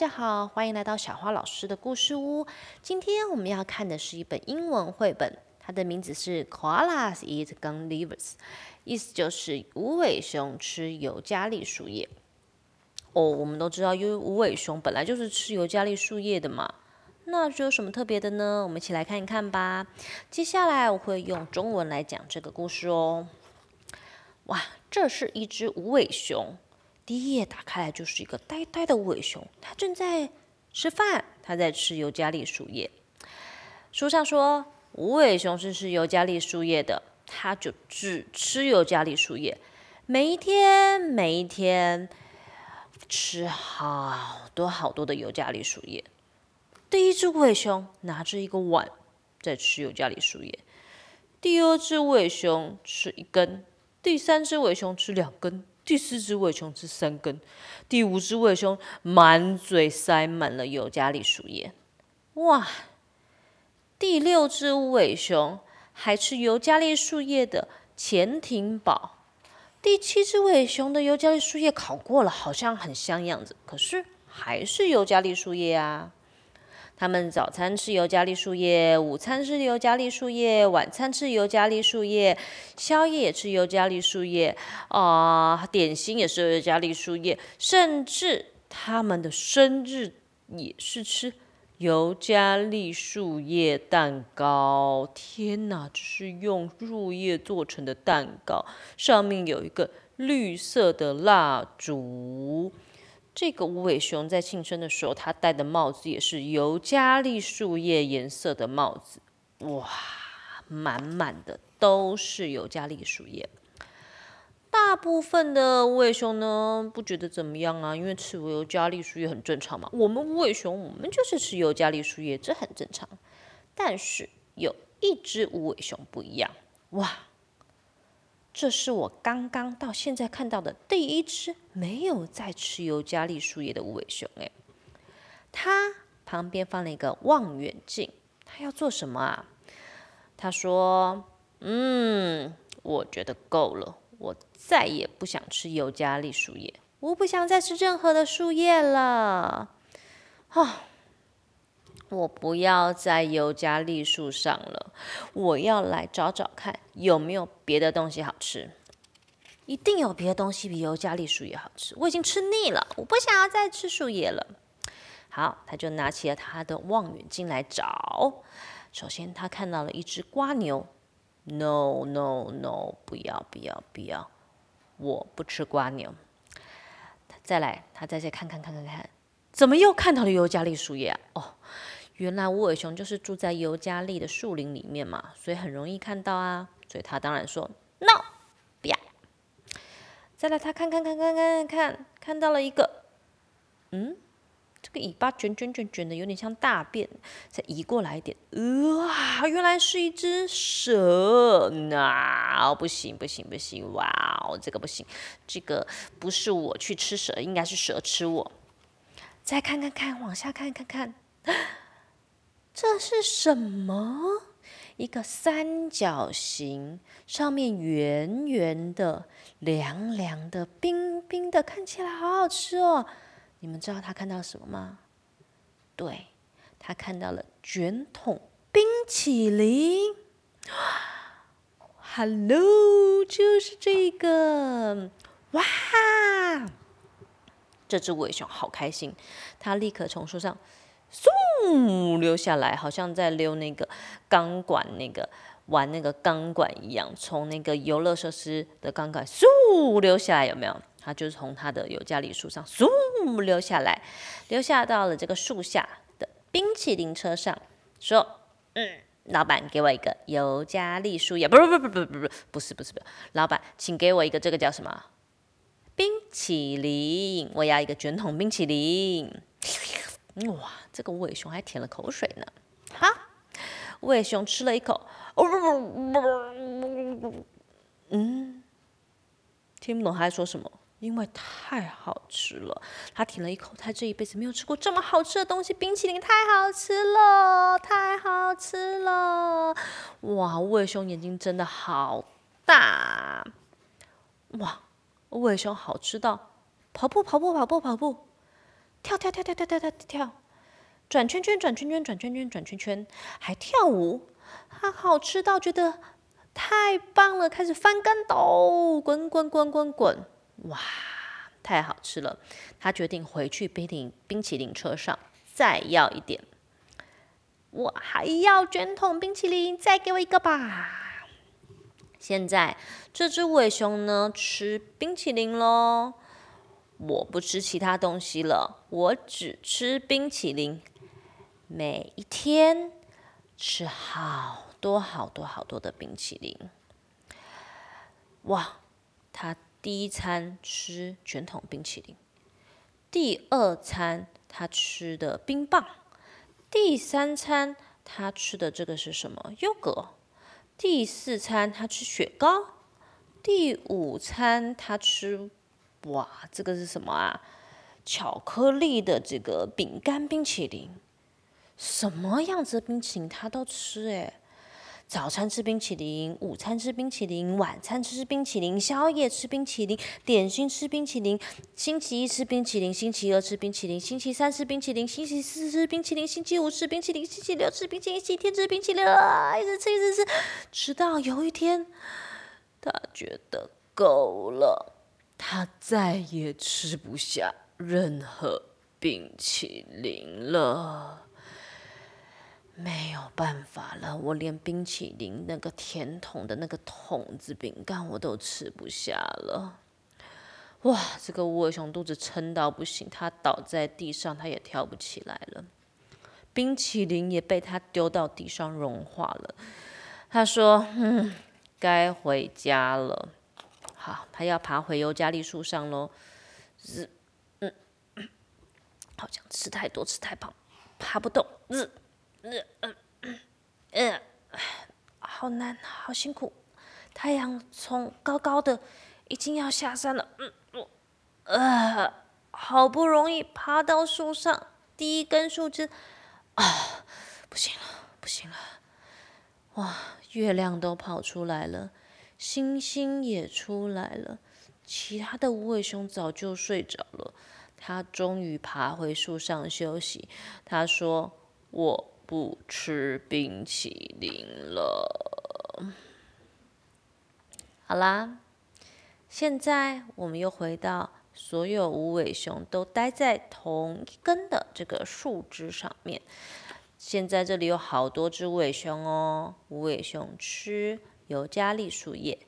大家好，歡迎來到小花老師的故事屋。今天我們要看的是一本英文繪本，它的名字是 Koalas Eat Gum Leaves，意思就是無尾熊吃尤加利樹葉。哦，我們都知道因為無尾熊本來就是吃尤加利樹葉的嘛。那就有什麼特別的呢？我們一起來看一看吧。接下來我會用中文來講這個故事哦。哇，這是一隻無尾熊。第一頁打開來就是一個呆呆的無尾熊，它正在吃飯，它在吃尤加利樹葉。書上說，無尾熊是吃尤加利樹葉的，它就只吃尤加利樹葉，每一天每一天吃好多好多的尤加利樹葉。第一隻無尾熊拿着一個碗在吃尤加利樹葉，第二隻無尾熊吃一根，第三隻無尾熊吃兩根。第四隻尾熊吃三根，第五隻尾熊滿嘴塞滿了尤加利樹葉，哇！第六隻尾熊還吃尤加利樹葉的潛艇堡，第七隻尾熊的尤加利樹葉烤過了，好像很香樣子，可是還是尤加利樹葉啊。他們早餐吃尤加利樹葉，午餐吃尤加利樹葉，晚餐吃尤加利樹葉，宵夜也吃尤加利樹葉，啊、呃，點心也是尤加利樹葉，甚至他們的生日也是吃尤加利樹葉蛋糕。天吶，這是用樹葉做成的蛋糕，上面有一個綠色的蠟燭。這個無尾熊在慶生的時候，它戴的帽子也是尤加利樹葉顏色的帽子，哇，滿滿的都是尤加利樹葉。大部分的無尾熊呢，不覺得怎麼樣啊，因為吃尤加利樹葉很正常嘛。我們無尾熊，我們就是吃尤加利樹葉，這很正常。但是有一隻無尾熊不一樣，哇。這是我剛剛到現在看到的第一隻沒有在吃尤加利樹葉的無尾熊哎，它旁邊放了一個望遠鏡，它要做什麼啊？它說：“嗯，我覺得夠了，我再也不想吃尤加利樹葉，我不想再吃任何的樹葉了。”哦我不要在尤加利樹上了，我要來找找看有沒有別的東西好吃。一定有別的東西比尤加利樹葉好吃。我已經吃膩了，我不想要再吃樹葉了。好，他就拿起了他的望遠鏡來找。首先，他看到了一隻蝸牛。No，No，No！No, no, 不要，不要，不要！我不吃蝸牛。再來，他再再看看看看看，怎麼又看到了尤加利樹葉啊？哦。原來無尾熊就是住在尤加利的樹林裡面嘛，所以很容易看到啊。所以他當然說 “no，不要”。再來，他看看看看看看看到了一個，嗯，這個尾巴捲捲捲捲捲的有點像大便。再移過來一點，哇、呃，原來是一隻蛇！no，不行不行不行，哇，這個不行，這個不是我去吃蛇，應該是蛇吃我。再看看看，往下看看看。呵這是什麼？一個三角形，上面圓圓的、涼涼的、冰冰的，看起來好好吃哦！你們知道他看到什麼嗎？對，他看到了捲筒冰淇淋。Hello，就是這個！哇，這只無尾熊好開心，它立刻從樹上。嗖溜下來，好像在溜那個鋼管，那個玩那個鋼管一樣，從那個遊樂設施的鋼管嗖溜下來，有沒有？他就是從他的尤加利樹上嗖溜下來，溜下到了這個樹下的冰淇淋車上，說：“嗯，老闆，給我一個尤加利樹葉，不不不不不不不，不是不是不是。老闆，請給我一個這個叫什麼冰淇淋？我要一個捲筒冰淇淋。”哇，這個無尾熊還舔了口水呢。哈，無尾熊吃了一口，嗯，聽不懂他在說什麼，因為太好吃了。他舔了一口，他這一輩子沒有吃過這麼好吃的東西，冰淇淋太好吃了，太好吃了。哇，無尾熊眼睛真的好大。哇，無尾熊好吃到跑步，跑步，跑步，跑步。跳跳跳跳跳跳跳跳，轉圈圈轉圈圈轉圈圈轉圈圈，還跳舞，它好吃到覺得太棒了，開始翻跟斗，滾滾滾滾滾，哇，太好吃了！它決定回去冰淇淋冰淇淋車上再要一點，我還要捲筒冰淇淋，再給我一個吧！現在這隻無尾熊呢，吃冰淇淋嘍。我不吃其他東西了，我只吃冰淇淋。每一天吃好多好多好多的冰淇淋。哇，他第一餐吃卷筒冰淇淋，第二餐他吃的冰棒，第三餐他吃的這個是什麼？優格。第四餐他吃雪糕，第五餐他吃。哇，這個是什麼啊？巧克力的這個餅乾冰淇淋，什麼樣子的冰淇淋他都吃誒。早餐吃冰淇淋，午餐吃冰淇淋，晚餐吃冰淇淋，宵夜吃冰淇淋，點心吃冰淇淋，星期一吃冰淇淋，星期二吃冰淇淋，星期三吃冰淇淋，星期四吃冰淇淋，星期五吃冰淇淋，星期六吃冰淇淋，星期天吃冰淇淋啊！一直吃一直吃，直到有一天，他覺得夠了。他再也吃不下任何冰淇淋了，沒有辦法了，我連冰淇淋那個甜筒的那個筒子餅乾我都吃不下了。哇，這個無尾熊肚子撐到不行，它倒在地上，它也跳不起來了。冰淇淋也被它丟到地上融化了。他說：“嗯，該回家了。”好，他要爬回尤加利樹上咯。日，嗯，好像吃太多，吃太胖，爬不動。日、嗯，嗯，呃、嗯嗯，好難，好辛苦。太陽從高高的，已經要下山了。嗯，我、呃，好不容易爬到樹上第一根樹枝，啊，不行了，不行了。哇，月亮都跑出來了。星星也出來了，其他的無尾熊早就睡着了。它終於爬回樹上休息。它說：“我不吃冰淇淋了。”好啦，現在我們又回到所有無尾熊都待在同一根的這個樹枝上面。現在這裡有好多隻無尾熊哦，無尾熊吃尤加利樹葉，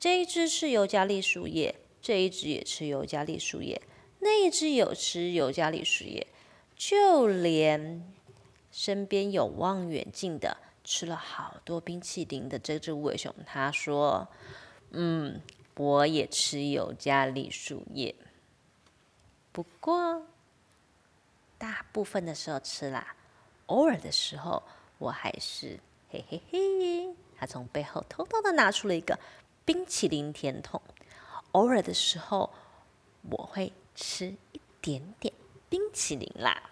這一隻是尤加利樹葉，這一隻也吃尤加利樹葉，那一隻有吃尤加利樹葉，就連身邊有望遠鏡的、吃了好多冰淇淋的這只無尾熊，它說：“嗯，我也吃尤加利樹葉，不過大部分的時候吃啦，偶爾的時候我還是嘿嘿嘿。”他從背後偷偷的拿出了一個冰淇淋甜筒，偶爾的時候我會吃一點點冰淇淋啦，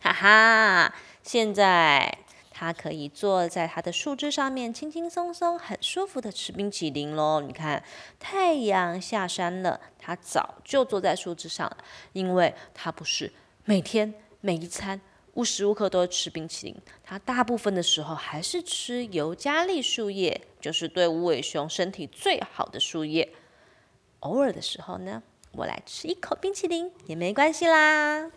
哈哈！現在他可以坐在他的樹枝上面，輕輕鬆鬆、很舒服的吃冰淇淋嘍。你看，太陽下山了，他早就坐在樹枝上了，因為他不是每天每一餐。無時無刻都吃冰淇淋，它大部分的時候還是吃尤加利樹葉，就是對無尾熊身體最好的樹葉。偶爾的時候呢，我來吃一口冰淇淋也沒關係啦。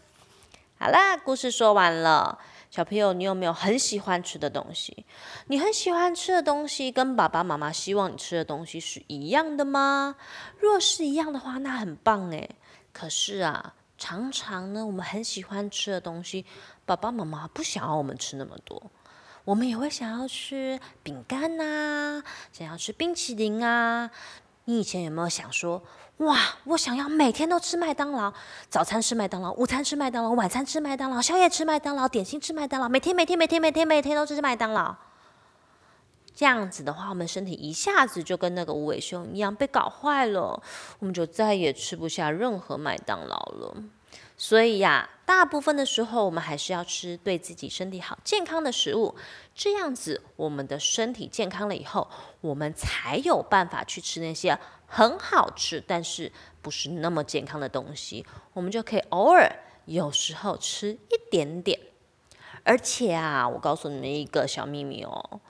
好啦，故事說完了，小朋友，你有沒有很喜歡吃的東西？你很喜歡吃的東西跟爸爸媽媽希望你吃的東西是一樣的嗎？若是一樣的話，那很棒誒。可是啊。常常呢，我們很喜歡吃的東西，爸爸媽媽不想要我們吃那麼多，我們也會想要吃餅乾吶、啊，想要吃冰淇淋啊。你以前有沒有想說，哇，我想要每天都吃麥當勞，早餐吃麥當勞，午餐吃麥當勞，晚餐吃麥當勞，宵夜吃麥當勞，點心吃麥當勞，每天每天每天每天每天都吃麥當勞。這樣子的話，我們身體一下子就跟那個無尾熊一樣被搞壞了，我們就再也吃不下任何麥當勞了。所以呀、啊，大部分的時候我們還是要吃對自己身體好、健康的食物。這樣子，我們的身體健康了以後，我們才有辦法去吃那些很好吃但是不是那麼健康的東西。我們就可以偶爾、有時候吃一點點。而且啊，我告訴你們一個小秘密哦。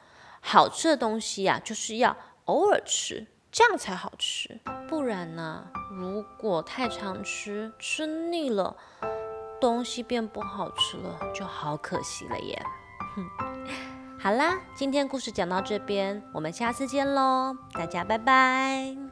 好吃的東西呀、啊，就是要偶爾吃，這樣才好吃。不然呢，如果太常吃，吃膩了，東西變不好吃了，就好可惜了耶。 好啦，今天故事講到這邊，我們下次見嘍，大家拜拜。